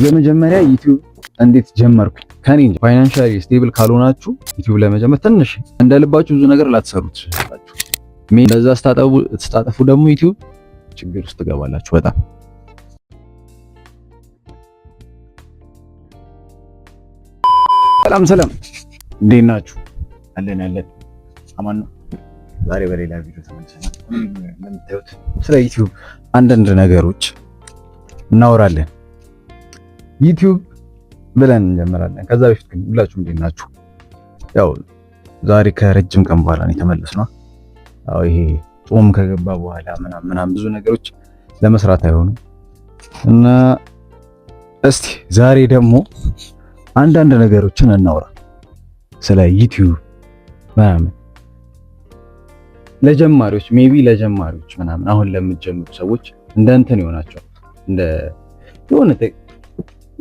የመጀመሪያ ዩቲዩብ እንዴት ጀመርኩ? ከኔ እንጂ ፋይናንሻሊ ስቴብል ካልሆናችሁ ዩቲዩብ ለመጀመር ትንሽ እንደ ልባችሁ ብዙ ነገር ላትሰሩት ትችላላችሁ። እንደዛ ስታጠፉ ደግሞ ዩቲዩብ ችግር ውስጥ ትገባላችሁ በጣም ሰላም ሰላም፣ እንዴት ናችሁ? አለን አለን፣ አማን ነው። ዛሬ በሌላ ቪዲዮ ተመልሰናል። እንደምታዩት ስለ ዩቲዩብ አንዳንድ ነገሮች እናወራለን። ዩቲዩብ ብለን እንጀምራለን። ከዛ በፊት ግን ሁላችሁ እንዴት ናችሁ? ያው ዛሬ ከረጅም ቀን በኋላ ነው የተመለስነው። አዎ ይሄ ጾም ከገባ በኋላ ምናምን ምናምን ብዙ ነገሮች ለመስራት አይሆኑም እና እስቲ ዛሬ ደግሞ አንዳንድ ነገሮችን እናውራ ስለ ዩቲዩብ ምናምን ለጀማሪዎች ሜቢ ለጀማሪዎች ምናምን አሁን ለምትጀምሩ ሰዎች እንደ እንትን ይሆናቸዋል እንደ የሆነ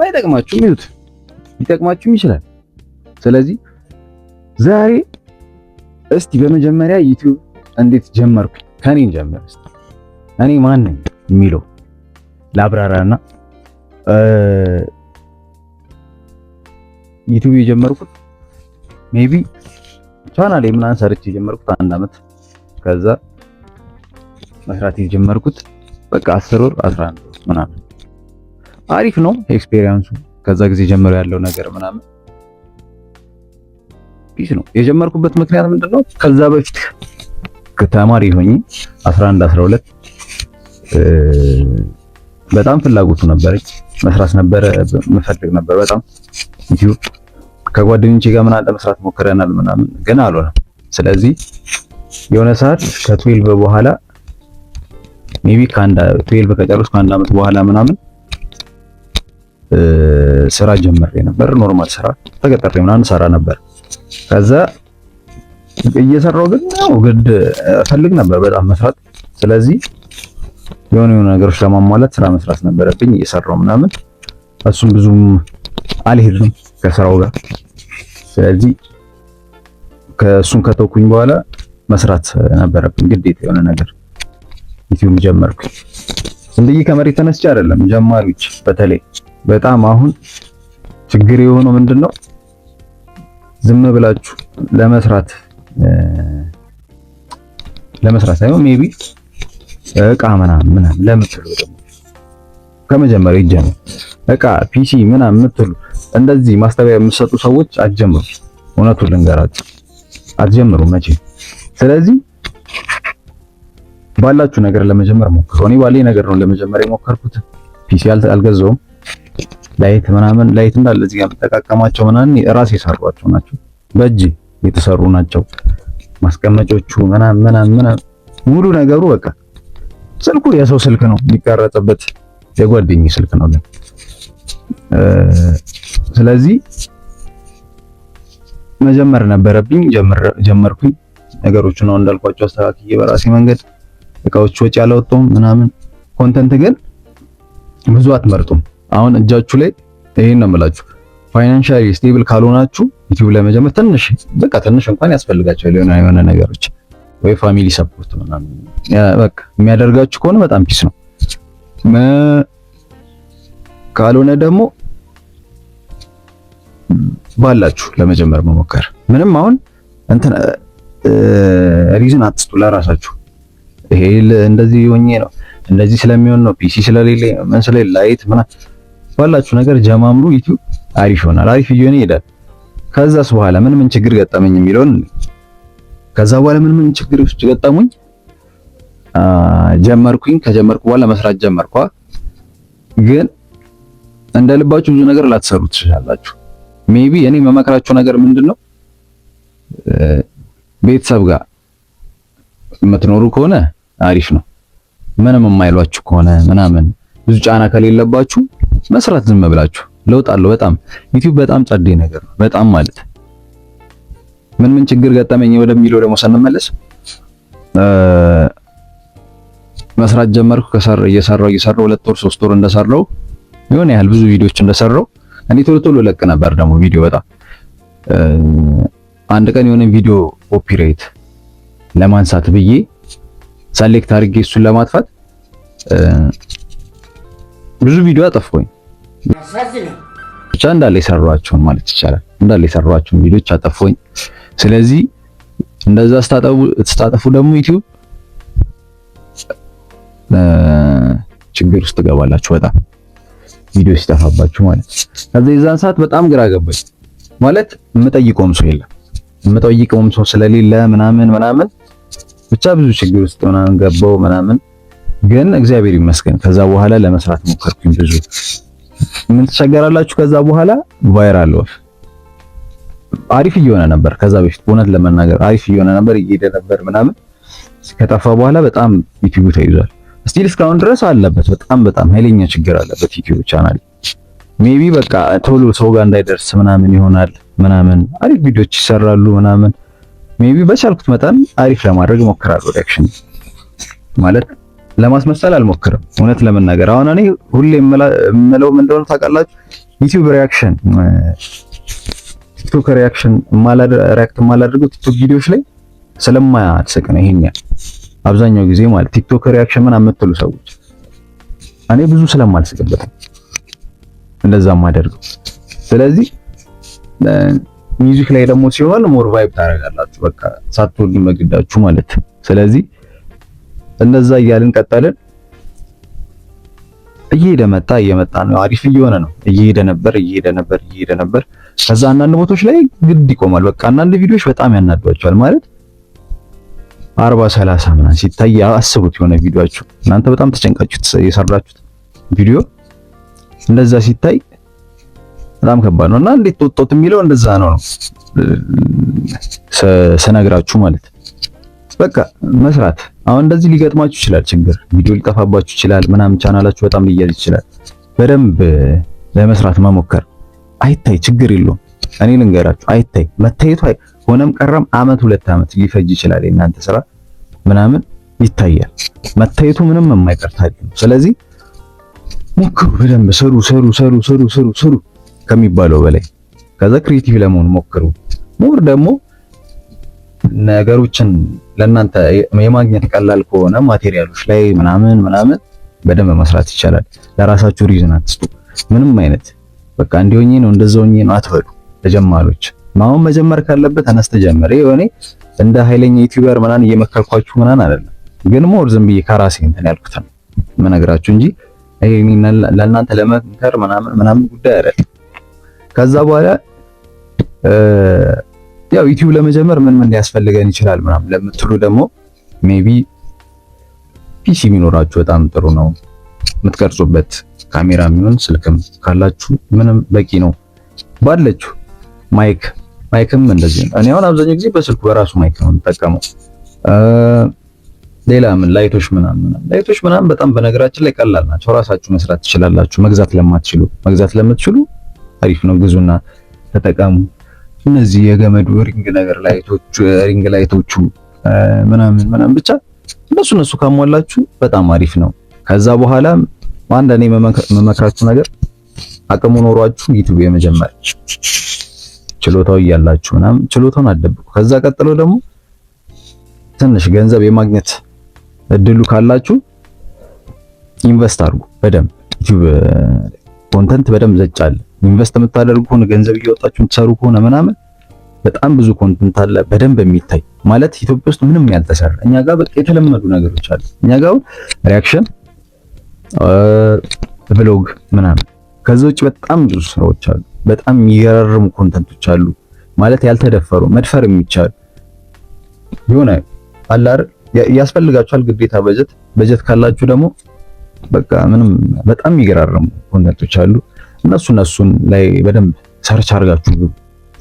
ባይጠቅማችሁም ይዩት፣ ሊጠቅማችሁም ይችላል። ስለዚህ ዛሬ እስቲ በመጀመሪያ ዩቲዩብ እንዴት ጀመርኩ ከኔ ጀመር እስቲ እኔ ማን ነኝ የሚለው ላብራራና ዩቲዩብ የጀመርኩት ሜቢ ቻናል ምናምን ሰርች የጀመርኩት አንድ አመት ከዛ መስራት የጀመርኩት በቃ 10 ወር 11 ወር ምናምን አሪፍ ነው ኤክስፔሪየንሱ ከዛ ጊዜ ጀምሮ ያለው ነገር ምናምን ፒስ ነው። የጀመርኩበት ምክንያት ምንድነው? ከዛ በፊት ተማሪ ሆኝ 11 12 በጣም ፍላጎቱ ነበረኝ። መስራት ነበረ መፈልግ ነበር በጣም ዩቲዩብ ከጓደኞቼ ጋር ምን አለ መስራት ሞክረናል ምናምን ግን አልሆነም። ስለዚህ የሆነ ሰዓት ከ12 በኋላ ሜቢ ከአንድ 12 ከጨረስኩ ከአንድ አመት በኋላ ምናምን ስራ ጀምሬ ነበር። ኖርማል ስራ ተቀጥሬ ምናምን ሰራ ነበር። ከዛ እየሰራው ግን ያው ግድ ፈልግ ነበር በጣም መስራት። ስለዚህ የሆነ የሆነ ነገሮች ለማሟላት ስራ መስራት ነበረብኝ። እየሰራው ምናምን እሱም ብዙም አልሄድም ከስራው ጋር። ስለዚህ ከእሱን ከተውኩኝ በኋላ መስራት ነበረብኝ ግዴታ የሆነ ነገር ዩቲዩብ ጀመርኩኝ። እንዲህ ከመሬት ተነስቼ አይደለም ጀማሪዎች በተለይ በጣም አሁን ችግር የሆነው ምንድነው ዝም ብላችሁ ለመስራት ለመስራት ሳይሆን ሜቢ እቃ ምናምን ምናምን ለምትሉ ደግሞ ከመጀመሪያ ይጀምር። እቃ ፒሲ ምናምን የምትሉ እንደዚህ ማስተባበያ የምትሰጡ ሰዎች አትጀምሩ። እውነቱን ልንገራችሁ አትጀምሩ መቼ። ስለዚህ ባላችሁ ነገር ለመጀመር ሞክሩ። እኔ ባለኝ ነገር ነው ለመጀመር የሞከርኩት። ፒሲ አልገዛውም። ላይት ምናምን ላይት እንዳለ እዚህ ጋር የምጠቃቀማቸው ምናምን ራሴ የሰሯቸው ናቸው። በእጅ የተሰሩ ናቸው። ማስቀመጫዎቹ ምናምን ምናምን ምናምን ሙሉ ነገሩ በቃ ስልኩ የሰው ስልክ ነው የሚቀረጽበት፣ የጓደኝ ስልክ ነው ግን ስለዚህ መጀመር ነበረብኝ። ጀመርኩኝ። ነገሮቹን ነው እንዳልኳቸው አስተካክዬ በራሴ መንገድ እቃዎች ወጪ አላወጣሁም ምናምን። ኮንተንት ግን ብዙ አትመርጡም። አሁን እጃችሁ ላይ ይሄን ነው የምላችሁ። ፋይናንሻሊ ስቴብል ካልሆናችሁ ዩቲዩብ ላይ መጀመር ትንሽ በቃ ትንሽ እንኳን ያስፈልጋቸዋል የሆነ የሆነ ነገሮች ወይ ፋሚሊ ሰፖርት ምናምን ያ በቃ የሚያደርጋችሁ ከሆነ በጣም ፒስ ነው። ካልሆነ ደግሞ ባላችሁ ለመጀመር መሞከር ምንም አሁን እንትን ሪዝን አትስጡ ለራሳችሁ። ይሄ እንደዚህ ሆኜ ነው እንደዚህ ስለሚሆን ነው ፒሲ ስለሌለ ምን ስለሌለ ላይት ምናምን ባላችሁ ነገር ጀማምሩ። ዩቲዩብ አሪፍ ይሆናል፣ አሪፍ እየሆነ ይሄዳል። ከዛስ በኋላ ምን ምን ችግር ገጠመኝ የሚለውን ከዛ በኋላ ምን ምን ችግር ውስጥ ገጠሙኝ ጀመርኩኝ። ከጀመርኩ በኋላ መስራት ጀመርኳ። ግን እንደ ልባችሁ ብዙ ነገር ላትሰሩ ትችላላችሁ። ሜቢ እኔ መመክራችሁ ነገር ምንድነው ቤተሰብ ጋር የምትኖሩ ከሆነ አሪፍ ነው። ምንም የማይሏችሁ ከሆነ ምናምን ብዙ ጫና ከሌለባችሁ መስራት ዝም ብላችሁ ለውጥ አለው። በጣም ዩቲዩብ በጣም ጸዴ ነገር ነው። በጣም ማለት ምን ምን ችግር ገጠመኝ ወደሚለው ደግሞ ስንመለስ መስራት ጀመርኩ። ከሰር እየሰራው እየሰራው ሁለት ወር ሶስት ወር እንደሰራው የሆነ ያህል ብዙ ቪዲዮዎች እንደሰራው እኔ ቶሎ ቶሎ ለቅ ነበር ደግሞ ቪዲዮ በጣም አንድ ቀን የሆነ ቪዲዮ ኮፒራይት ለማንሳት ብዬ ሰሌክት አድርጌ እሱን ለማጥፋት ብዙ ቪዲዮ አጠፋሁኝ። ብቻ እንዳለ የሰሯቸውን ማለት ይቻላል እንዳለ የሰሯቸውን ቪዲዮዎች አጠፋሁኝ። ስለዚህ እንደዛ ስታጠፉ ስታጠፉ ደግሞ ዩቲዩብ ችግር ውስጥ ትገባላችሁ። በጣም ቪዲዮ ሲጠፋባችሁ ማለት ከዚህ የዛን ሰዓት በጣም ግራ ገባኝ። ማለት የምጠይቀውም ሰው የለም የምጠይቀውም ሰው ስለሌለ ምናምን ምናምን ብቻ ብዙ ችግር ውስጥ ምናምን ገባው ምናምን ግን እግዚአብሔር ይመስገን ከዛ በኋላ ለመስራት ሞከርኩኝ። ብዙ ምን ትቸገራላችሁ? ከዛ በኋላ ቫይራል ወፍ አሪፍ እየሆነ ነበር። ከዛ በፊት እውነት ለመናገር አሪፍ እየሆነ ነበር፣ እየሄደ ነበር ምናምን። ከጠፋ በኋላ በጣም ዩቲዩብ ተይዟል። ስቲል እስካሁን ድረስ አለበት። በጣም በጣም ኃይለኛ ችግር አለበት ዩቲዩብ ቻናል። ሜቢ በቃ ቶሎ ሰው ጋር እንዳይደርስ ምናምን ይሆናል ምናምን። አሪፍ ቪዲዮዎች ይሰራሉ ምናምን። ሜቢ በቻልኩት መጠን አሪፍ ለማድረግ ሞክራለሁ። ሪአክሽን ማለት ለማስመሰል አልሞክርም። እውነት ለመናገር አሁን እኔ ሁሌ የምለው ምን እንደሆነ ታውቃላችሁ? ዩቲዩብ ሪያክሽን፣ ቲክቶክ ሪያክሽን ሪያክት የማላደርገው ቲክቶክ ቪዲዮዎች ላይ ስለማያስቅ ነው። ይሄኛ አብዛኛው ጊዜ ማለት ቲክቶክ ሪያክሽን ምን አምትሉ ሰዎች እኔ ብዙ ስለማልስቅበት እንደዛ ማደርገው። ስለዚህ ሚዚክ ላይ ደግሞ ሲሆን ሞር ቫይብ ታደርጋላችሁ። በቃ ሳትወዱ መግዳችሁ ማለት ስለዚህ እንደዛ እያልን ቀጠልን። እየሄደ መጣ እየመጣ ነው። አሪፍ እየሆነ ነው። እየሄደ ነበር እየሄደ ነበር እየሄደ ነበር። ከዛ አንዳንድ ቦታዎች ላይ ግድ ይቆማል። በቃ አንዳንድ ቪዲዮዎች በጣም ያናዷቸዋል ማለት አርባ ሰላሳ ምናምን ሲታይ አስቡት። የሆነ ቪዲዮአችሁ እናንተ በጣም ተጨንቃችሁት የሰራችሁት ቪዲዮ እንደዛ ሲታይ በጣም ከባድ ነው እና እንዴት ተወጣሁት የሚለው እንደዛ ነው ነው ስነግራችሁ ማለት በቃ መስራት። አሁን እንደዚህ ሊገጥማችሁ ይችላል ችግር፣ ቪዲዮ ሊጠፋባችሁ ይችላል ምናምን፣ ቻናላችሁ በጣም ሊያዝ ይችላል። በደንብ ለመስራት መሞከር አይታይ ችግር የለውም። እኔ ልንገራችሁ አይታይ መታየቱ ሆነም ቀረም አመት ሁለት አመት ሊፈጅ ይችላል የእናንተ ስራ ምናምን ይታያል። መታየቱ ምንም የማይቀር ታሪክ ስለዚህ ሞክሩ በደንብ ስሩ ስሩ ስሩ ስሩ ስሩ ስሩ ከሚባለው በላይ ከዛ ክሬቲቭ ለመሆን ሞክሩ ሞር ደግሞ ነገሮችን ለእናንተ የማግኘት ቀላል ከሆነ ማቴሪያሎች ላይ ምናምን ምናምን በደንብ መስራት ይቻላል። ለራሳችሁ ሪዝን አትስጡ። ምንም አይነት በቃ እንዲሆኝ ነው እንደዛው ነው አትበሉ። ተጀማሪዎች ማሁን መጀመር ካለበት አነስተ ጀመረ የሆነ እንደ ኃይለኛ ዩቲዩበር ምናምን እየመከልኳችሁ ምናምን አይደለም፣ ግን ሞር ዝም ብዬ ከራሴ እንትን ያልኩት ነው መነግራችሁ እንጂ ለእናንተ ለመንከር ምናምን ምናምን ጉዳይ አይደለም። ከዛ በኋላ ያው ዩቲዩብ ለመጀመር ምን ምን ሊያስፈልገን ይችላል ምናምን ለምትሉ ደግሞ ሜቢ ፒሲ ቢኖራችሁ በጣም ጥሩ ነው። የምትቀርጹበት ካሜራ የሚሆን ስልክም ካላችሁ ምንም በቂ ነው። ባለችሁ ማይክ ማይክም እንደዚህ እኔ አሁን አብዛኛው ጊዜ በስልኩ በራሱ ማይክ ነው የምጠቀመው። ሌላ ምን ላይቶች ምናምን ላይቶች ምናምን በጣም በነገራችን ላይ ቀላል ናቸው። ራሳችሁ መስራት ትችላላችሁ። መግዛት ለማትችሉ መግዛት ለምትችሉ አሪፍ ነው፣ ግዙና ተጠቀሙ። እነዚህ የገመዱ ሪንግ ነገር ላይቶቹ ሪንግ ላይቶቹ ምናምን ምናምን ብቻ እነሱ እነሱ ካሟላችሁ በጣም አሪፍ ነው። ከዛ በኋላ አንድ አንዳንዴ መመክራችሁ ነገር አቅሙ ኖሯችሁ ዩቲዩብ የመጀመር ችሎታው እያላችሁ ምናምን ችሎታውን አደብቁ። ከዛ ቀጥሎ ደግሞ ትንሽ ገንዘብ የማግኘት እድሉ ካላችሁ ኢንቨስት አድርጉ። በደንብ ዩቲዩብ ኮንተንት በደንብ ዘጫለ ኢንቨስት የምታደርጉ ከሆነ ገንዘብ እያወጣችሁ የምትሰሩ ከሆነ ምናምን በጣም ብዙ ኮንተንት አለ በደንብ የሚታይ ማለት ኢትዮጵያ ውስጥ ምንም ያልተሰራ እኛ ጋር በቃ የተለመዱ ነገሮች አሉ። እኛ ጋር ሪያክሽን ብሎግ ምናምን ከዚህ ውጭ በጣም ብዙ ስራዎች አሉ። በጣም የሚገራርሙ ኮንተንቶች አሉ ማለት ያልተደፈሩ መድፈር የሚቻል የሆነ አላር ያስፈልጋችኋል ግዴታ በጀት በጀት ካላችሁ ደግሞ በቃ ምንም በጣም የሚገራርሙ ኮንተንቶች አሉ። እነሱ እነሱን ላይ በደንብ ሰርች አድርጋችሁ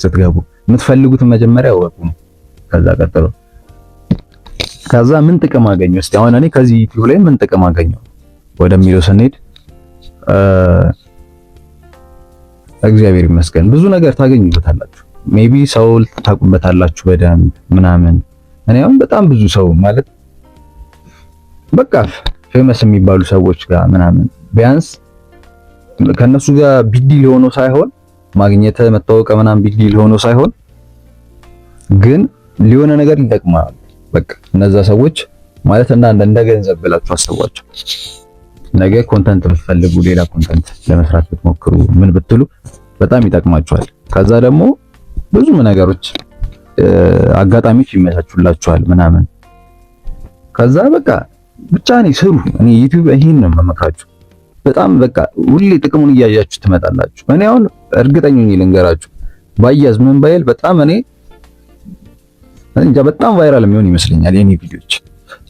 ስትገቡ የምትፈልጉት መጀመሪያ ወቁ። ከዛ ቀጥሎ ከዛ ምን ጥቅም አገኘ እስቲ አሁን እኔ ከዚህ ዩቲዩብ ላይ ምን ጥቅም አገኘው ወደሚለው ስንሄድ እግዚአብሔር ይመስገን ብዙ ነገር ታገኙበታላችሁ። ሜቢ ሰው ልታቁበታላችሁ በደንብ ምናምን። እኔ አሁን በጣም ብዙ ሰው ማለት በቃ ፌመስ የሚባሉ ሰዎች ጋር ምናምን ቢያንስ ከነሱ ጋር ቢዲል ሆኖ ሳይሆን ማግኘት መታወቀ ምናምን ቢዲል ሆኖ ሳይሆን ግን ሊሆነ ነገር ይጠቅማል። በቃ እነዛ ሰዎች ማለት እና እንደ ገንዘብ ብላችሁ አስቧቸው። ነገ ኮንተንት ብትፈልጉ ሌላ ኮንተንት ለመስራት ብትሞክሩ ምን ብትሉ በጣም ይጠቅማችኋል። ከዛ ደግሞ ብዙ ነገሮች አጋጣሚዎች ይመቻቹላችኋል ምናምን። ከዛ በቃ ብቻ እኔ ስሩ። እኔ ዩቲዩብ ይሄን ነው የምመክራችሁ። በጣም በቃ ሁሌ ጥቅሙን እያያችሁ ትመጣላችሁ። እኔ አሁን እርግጠኛ ነኝ ልንገራችሁ፣ ባያዝ ምን ባይል በጣም እኔ እንጃ በጣም ቫይራል የሚሆን ይመስለኛል የኔ ቪዲዮዎች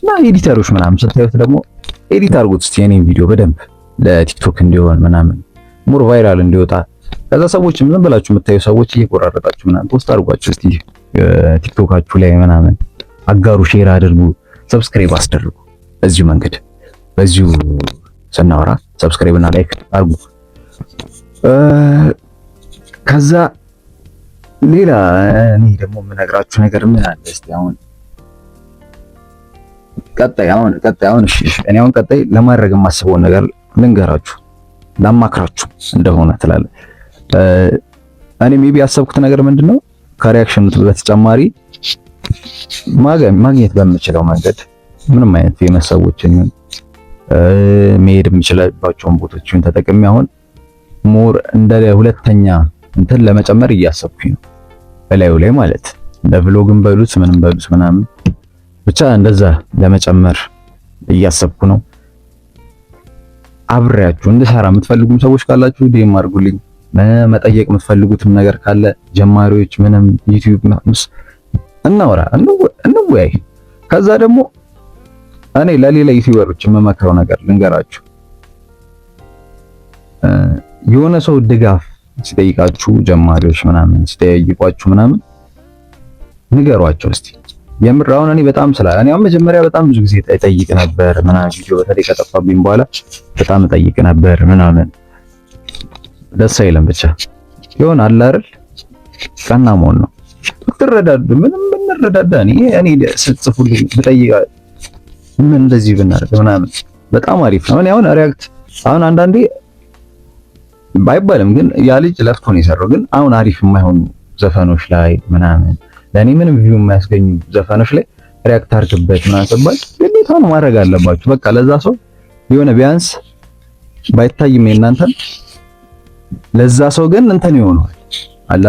እና ኤዲተሮች ምናምን ስታዩት ደግሞ ኤዲት አድርጉት እስቲ የኔን ቪዲዮ በደንብ ለቲክቶክ እንዲሆን ምናምን ሙር ቫይራል እንዲወጣ ከዛ ሰዎች ምን ብላችሁ የምታዩ ሰዎች እየቆራረጣችሁ ምናምን ፖስት አድርጓችሁ እስቲ ቲክቶካችሁ ላይ ምናምን አጋሩ፣ ሼር አድርጉ፣ ሰብስክራይብ አስደርጉ። በዚሁ መንገድ በዚሁ ስናወራ ሰብስክራይብ እና ላይክ አድርጉ። ከዛ ሌላ እኔ ደግሞ የምነግራችሁ ነገር ምን አለ እስቲ አሁን ቀጣይ አሁን ቀጣይ አሁን እሺ፣ እኔ አሁን ቀጣይ ለማድረግ የማስበውን ነገር ልንገራችሁ፣ ላማክራችሁ እንደሆነ ትላለ። እኔ ሜቢ ያሰብኩት ነገር ምንድን ነው ከሪያክሽኑ በተጨማሪ ማግኘት በምችለው መንገድ ምንም አይነት የመሰቦችን የመሰዎችን መሄድ የምችልባቸውን ቦታዎችን ተጠቅሜ አሁን ሞር እንደ ሁለተኛ እንትን ለመጨመር እያሰብኩኝ ነው። በላዩ ላይ ማለት ለቭሎግም በሉት ምንም በሉት ምናምን ብቻ እንደዛ ለመጨመር እያሰብኩ ነው። አብሬያችሁ እንድሰራ የምትፈልጉም ሰዎች ካላችሁ ዲኤም አድርጉልኝ። መጠየቅ የምትፈልጉትም ነገር ካለ ጀማሪዎች ምንም ዩቲዩብ እናውራ እንወያይ። ከዛ ደግሞ እኔ ለሌላ ዩቲዩበሮች የምመክረው ነገር ልንገራችሁ። የሆነ ሰው ድጋፍ ሲጠይቃችሁ ጀማሪዎች ምናምን ሲጠይቋችሁ ምናምን ንገሯቸው እስቲ። የምር አሁን እኔ በጣም ስላ እኔ አሁን መጀመሪያ በጣም ብዙ ጊዜ ጠይቅ ነበር ምናምን ቪዲዮ በተለይ ከጠፋብኝ በኋላ በጣም ጠይቅ ነበር ምናምን ደስ አይልም። ብቻ ይሆን አለ አይደል ቀና መሆን ነው ብትረዳዱ ምንም ብንረዳዳ እኔ እኔ ስጽፉልኝ ብጠይቃ ምን እንደዚህ ብናደርግ ምናምን በጣም አሪፍ ነው። አሁን ሪያክት አሁን አንዳንዴ ባይባልም ግን ያ ልጅ ለፍቶ ነው የሰራው። ግን አሁን አሪፍ የማይሆኑ ዘፈኖች ላይ ምናምን ለእኔ ምንም ቪው የማያስገኙ ዘፈኖች ላይ ሪያክት አድርግበት ምናምን ስባል ግዴታ ነው ማድረግ አለባችሁ። በቃ ለዛ ሰው የሆነ ቢያንስ ባይታይም የእናንተ ለዛ ሰው ግን እንትን ይሆነዋል አለ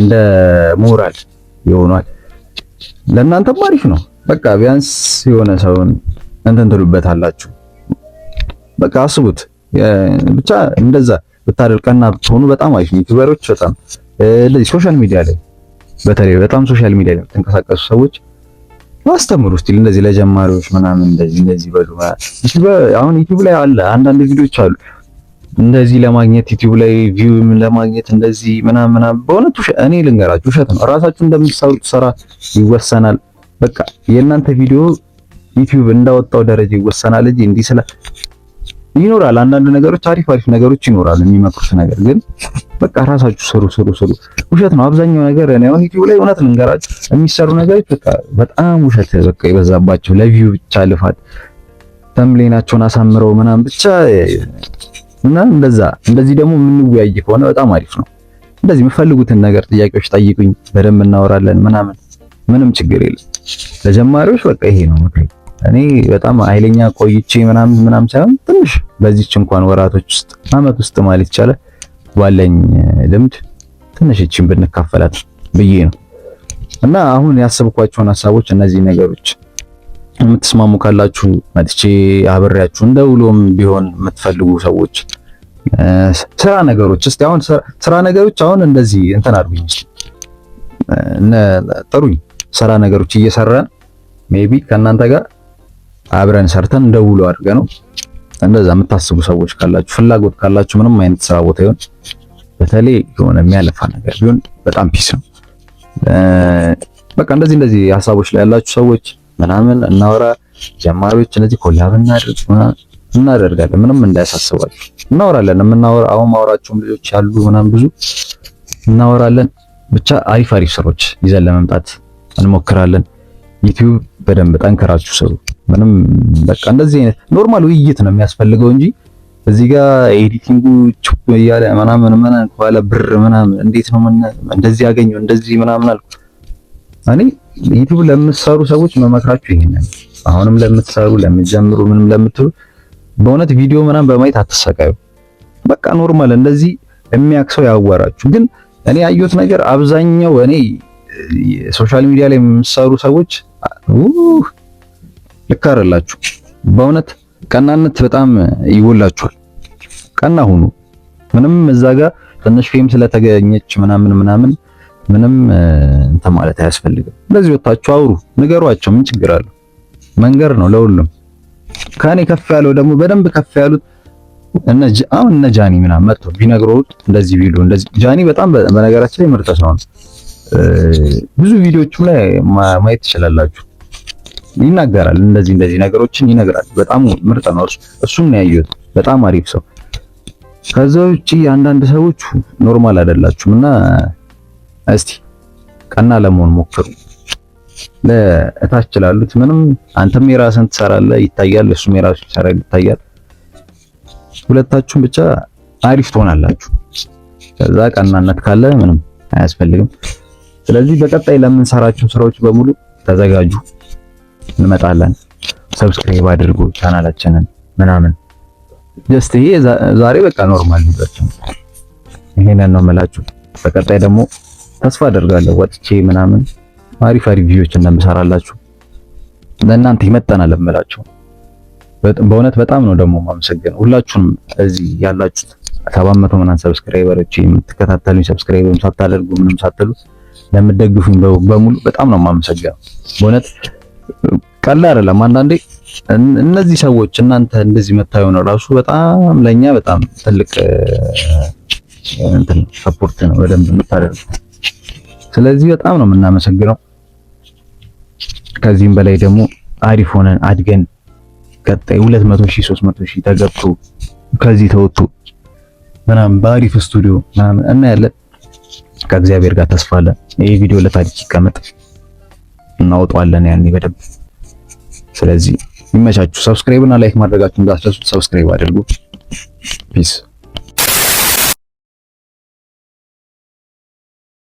እንደ ሞራል ይሆናል። ለእናንተም አሪፍ ነው። በቃ ቢያንስ የሆነ ሰውን እንትን ትሉበታላችሁ። በቃ አስቡት ብቻ እንደዛ ብታደርቀና ብትሆኑ በጣም አሪፍ ነው። ዩቲዩበሮች በጣም ለዚህ ሶሻል ሚዲያ ላይ በተለይ በጣም ሶሻል ሚዲያ ላይ የምትንቀሳቀሱ ሰዎች ማስተምሩ እስቲ እንደዚህ ለጀማሪዎች ምናምን እንደዚህ እንደዚህ በሉ። አሁን ዩቲዩብ ላይ አለ አንዳንድ ቪዲዮዎች አሉ እንደዚህ ለማግኘት ዩቲዩብ ላይ ቪው ለማግኘት እንደዚህ ምናምን ምናምን። በእውነት እኔ ልንገራችሁ ውሸት ነው። እራሳችሁ እንደምትሰሩት ስራ ይወሰናል። በቃ የእናንተ ቪዲዮ ዩቲዩብ እንዳወጣው ደረጃ ይወሰናል እንጂ እንዲህ ስለ ይኖራል። አንዳንድ ነገሮች አሪፍ አሪፍ ነገሮች ይኖራል የሚመክሩት ነገር ግን በቃ ራሳችሁ ስሩ ስሩ ስሩ። ውሸት ነው አብዛኛው ነገር። እኔ አሁን ዩቲዩብ ላይ እውነት ልንገራችሁ የሚሰሩ ነገሮች በቃ በጣም ውሸት በቃ ይበዛባቸው። ለቪው ብቻ ልፋት ተምሌናቸውን አሳምረው ምናምን ብቻ እና እንደዛ እንደዚህ ደግሞ የምንወያይ ከሆነ በጣም አሪፍ ነው። እንደዚህ የምፈልጉትን ነገር ጥያቄዎች ጠይቁኝ፣ በደንብ እናወራለን ምናምን ምንም ችግር የለም። ለጀማሪዎች በቃ ይሄ ነው ምክሬ። እኔ በጣም ኃይለኛ ቆይቼ ምናምን ምናምን ሳይሆን ትንሽ በዚች እንኳን ወራቶች ውስጥ አመት ውስጥ ማለት ይቻላል ባለኝ ልምድ ትንሽ እቺን ብንካፈላት ብዬ ነው እና አሁን ያሰብኳቸውን ሀሳቦች እነዚህ ነገሮች የምትስማሙ ካላችሁ መጥቼ አብሬያችሁ እንደ ቢሆን የምትፈልጉ ሰዎች ስራ ነገሮች እስቲ አሁን ስራ ነገሮች አሁን እንደዚህ እንትን አድርጉኝ፣ ጥሩኝ ስራ ነገሮች እየሰራን ሜቢ ከእናንተ ጋር አብረን ሰርተን እንደውሎ አድርገ ነው። እንደዛ የምታስቡ ሰዎች ካላችሁ ፍላጎት ካላችሁ ምንም አይነት ስራ ቦታ ይሁን በተለይ የሆነ የሚያለፋ ነገር ቢሆን በጣም ፒስ ነው። በቃ እንደዚህ እንደዚህ ሀሳቦች ላይ ያላችሁ ሰዎች ምናምን እናወራ፣ ጀማሪዎች እነዚህ ኮላብ እናድርግ እናደርጋለን። ምንም እንዳያሳስባችሁ እናወራለን። የምናወራ አሁን ማውራችሁም ልጆች ያሉ ምናምን ብዙ እናወራለን። ብቻ አሪፍ አሪፍ ስራዎች ይዘን ለመምጣት እንሞክራለን። ዩቲዩብ በደንብ ጠንክራችሁ ስሩ። ምንም በቃ እንደዚህ አይነት ኖርማል ውይይት ነው የሚያስፈልገው እንጂ እዚህ ጋር ኤዲቲንጉ ቹፕ እያለ ምናምን ምናምን ከኋላ ብር ምናምን እንዴት ነው እንደዚህ ያገኘው እንደዚህ ምናምን አልኩ። እኔ ዩቲዩብ ለምትሰሩ ሰዎች መመክራችሁ ይሄንን አሁንም ለምትሰሩ ለምትጀምሩ ምንም ለምትሉ በእውነት ቪዲዮ ምናምን በማየት አትሰቃዩ። በቃ ኖርማል እንደዚህ የሚያክሰው ያወራችሁ ግን እኔ ያየሁት ነገር አብዛኛው እኔ ሶሻል ሚዲያ ላይ የምትሰሩ ሰዎች ልክ አይደላችሁ። በእውነት ቀናነት በጣም ይጎላችኋል። ቀና ሁኑ። ምንም እዛ ጋር ትንሽ ፌም ስለተገኘች ምናምን ምናምን ምንም እንትን ማለት አያስፈልግም። እንደዚህ ወጣችሁ አውሩ፣ ንገሯቸው። ምን ችግር አለው? መንገር ነው ለሁሉም። ከኔ ከፍ ያለው ደግሞ በደንብ ከፍ ያሉት እነ አሁን እነ ጃኒ ምናምን መጥቶ ቢነግሩት እንደዚህ ቢሉ እንደዚህ ጃኒ በጣም በነገራችን ላይ ምርጥ ሰው ነው። ብዙ ቪዲዮዎችም ላይ ማየት ትችላላችሁ። ይናገራል፣ እንደዚህ እንደዚህ ነገሮችን ይነግራል። በጣም ምርጥ ነው። እሱም ነው ያየሁት። በጣም አሪፍ ሰው። ከዛ ውጪ አንዳንድ ሰዎች ኖርማል አይደላችሁም እና እስቲ ቀና ለመሆን ሞክሩ። ለእታች ላሉት ምንም አንተም የራስን ትሰራለህ ይታያል፣ እሱም የራሱ ይሰራል ይታያል። ሁለታችሁም ብቻ አሪፍ ትሆናላችሁ። ከዛ ቀናነት ካለ ምንም አያስፈልግም። ስለዚህ በቀጣይ ለምንሰራቸው ስራዎች በሙሉ ተዘጋጁ። እንመጣለን። ሰብስክራይብ አድርጉ ቻናላችንን ምናምን። ጀስት ይሄ ዛሬ በቃ ኖርማል ይዛችሁ ይሄንን ነው የምላችሁ። በቀጣይ ደግሞ ተስፋ አደርጋለሁ ወጥቼ ምናምን አሪፍ አሪፍ ቪዲዮዎች እንደምሰራላችሁ ለእናንተ ይመጠናል በእውነት በጣም ነው ደግሞ የማመሰግነው ሁላችሁንም እዚህ ያላችሁት ሰባት መቶ ምናምን ሰብስክራይበሮች የምትከታተሉኝ ሰብስክራይብ ሳታደርጉ ምንም ሳትሉት ለምደግፉኝ በሙሉ በጣም ነው የማመሰግነው። በእውነት ቀላል አይደለም። አንዳንዴ እነዚህ ሰዎች እናንተ እንደዚህ መታየው ነው ራሱ በጣም ለኛ በጣም ትልቅ እንትን ሰፖርት ነው በደንብ የምታደርጉት። ስለዚህ በጣም ነው የምናመሰግነው። ከዚህም በላይ ደግሞ አሪፍ ሆነን አድገን ቀጣይ 200 ሺህ 300 ሺህ ተገብቶ ከዚህ ተወጥቶ ምናምን በአሪፍ ስቱዲዮ ምናምን እናያለን። ከእግዚአብሔር ጋር ተስፋ አለ። ይሄ ቪዲዮ ለታሪክ ይቀመጥ፣ እናወጣዋለን ያኔ በደንብ። ስለዚህ ይመቻችሁ። ሰብስክራይብ እና ላይክ ማድረጋችሁ እንዳትረሱ። ሰብስክራይብ አድርጉ። ፒስ